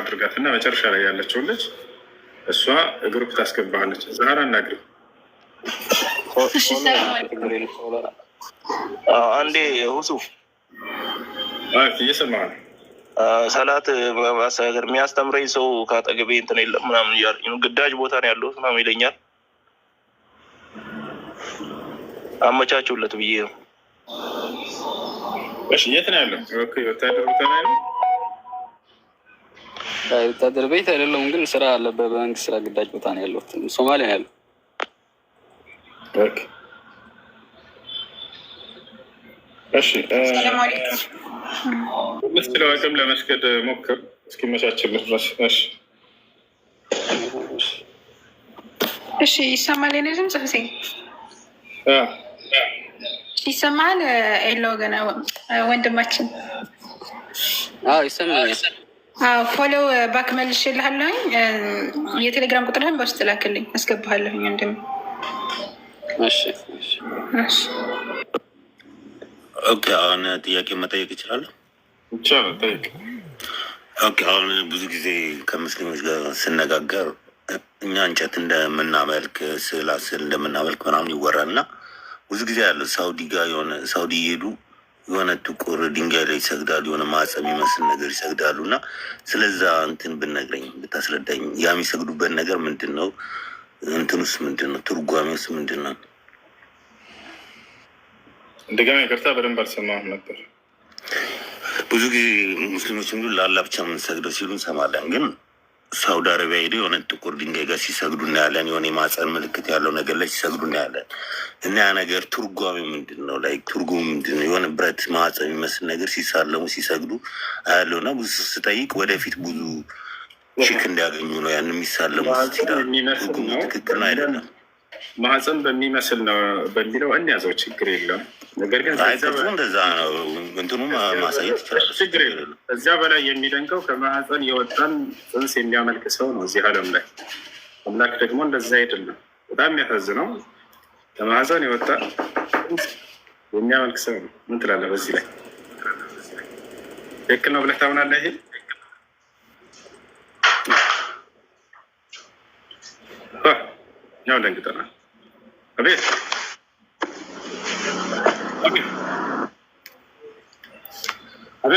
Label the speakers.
Speaker 1: አድርጋት እና መጨረሻ ላይ ያለችው ልጅ እሷ ግሩፕ ታስገባለች። ዛራ እናግሪ
Speaker 2: አንዴ ሁሱ እየሰማ ሰላት ማስተጋገር የሚያስተምረኝ ሰው ከአጠገቤ እንትን የለም ምናምን እያለኝ ግዳጅ ቦታ ነው ያለሁት ምናምን ይለኛል። አመቻችሁለት ብዬ ነው።
Speaker 1: እሺ የት ነው ያለው? ወታደር ቦታ ነው ያለው
Speaker 2: ወታደር ቤት አይደለሁም፣ ግን ስራ አለበት። በመንግስት ስራ ግዳጅ ቦታ ነው ያለሁት። ሶማሊያ ያለ ያለው።
Speaker 1: የምትችለው አቅም ለመስገድ ሞክር፣ እስኪመቻችልህ ድረስ።
Speaker 3: እሺ፣ ይሰማል። የኔ ድምፅ ሴ ይሰማል። የለው ገና ወንድማችን ይሰማል። ፎሎው ባክ መልሼልሃለሁኝ። የቴሌግራም ቁጥርህን በውስጥ ላክልኝ፣ አስገባሃለሁኝ። ወንድም
Speaker 4: አሁን ጥያቄ መጠየቅ ይችላለሁ? አሁን ብዙ ጊዜ ከሙስሊሞች ጋር ስነጋገር እኛ እንጨት እንደምናመልክ ስዕል እንደምናመልክ ምናምን እና ብዙ ጊዜ ያለ ሳውዲ ጋር የሆነ ሳውዲ እየሄዱ የሆነ ጥቁር ድንጋይ ላይ ይሰግዳሉ፣ የሆነ ማዕፀም የሚመስል ነገር ይሰግዳሉ። እና ስለዛ እንትን ብነግረኝ ብታስረዳኝ፣ ያ የሚሰግዱበት ነገር ምንድን ነው? እንትኑስ ምንድን ነው? ትርጓሜውስ ምንድን ነው?
Speaker 1: እንደገና ይቅርታ፣ በደንብ አልሰማሁም ነበር።
Speaker 4: ብዙ ጊዜ ሙስሊሞች የሚሉ ለአላህ ብቻ የምንሰግደው ሲሉ እንሰማለን ግን ሳውዲ አረቢያ ሄደው የሆነ ጥቁር ድንጋይ ጋር ሲሰግዱ እናያለን። የሆነ የማፀን ምልክት ያለው ነገር ላይ ሲሰግዱ እናያለን። እና ያ ነገር ትርጓሚ ምንድን ነው? ላይ ትርጉም ምንድን ነው? የሆነ ብረት ማፀን የሚመስል ነገር ሲሳለሙ ሲሰግዱ አያለው እና ብዙ ስጠይቅ ወደፊት ብዙ ሽክ እንዲያገኙ ነው ያን የሚሳለሙ ትክክል ነው አይደለም
Speaker 1: ማህፀን በሚመስል ነው በሚለው እንያዘው፣ ችግር የለም።
Speaker 4: ነገር ግን እንደዛ ነው እንትኑ ማሳየት ይችላል፣
Speaker 1: ችግር የለም። እዚያ በላይ የሚደንቀው ከማህፀን የወጣን ፅንስ የሚያመልክ ሰው ነው እዚህ ዓለም ላይ። አምላክ ደግሞ እንደዛ አይደለም። በጣም የሚያሳዝነው ከማህፀን የወጣ የሚያመልክ ሰው ነው። ምን ትላለህ በዚህ ላይ? ትክክል ነው ብለህ ታምናለህ? ይሄ ያው ደንግጠናል። 各位。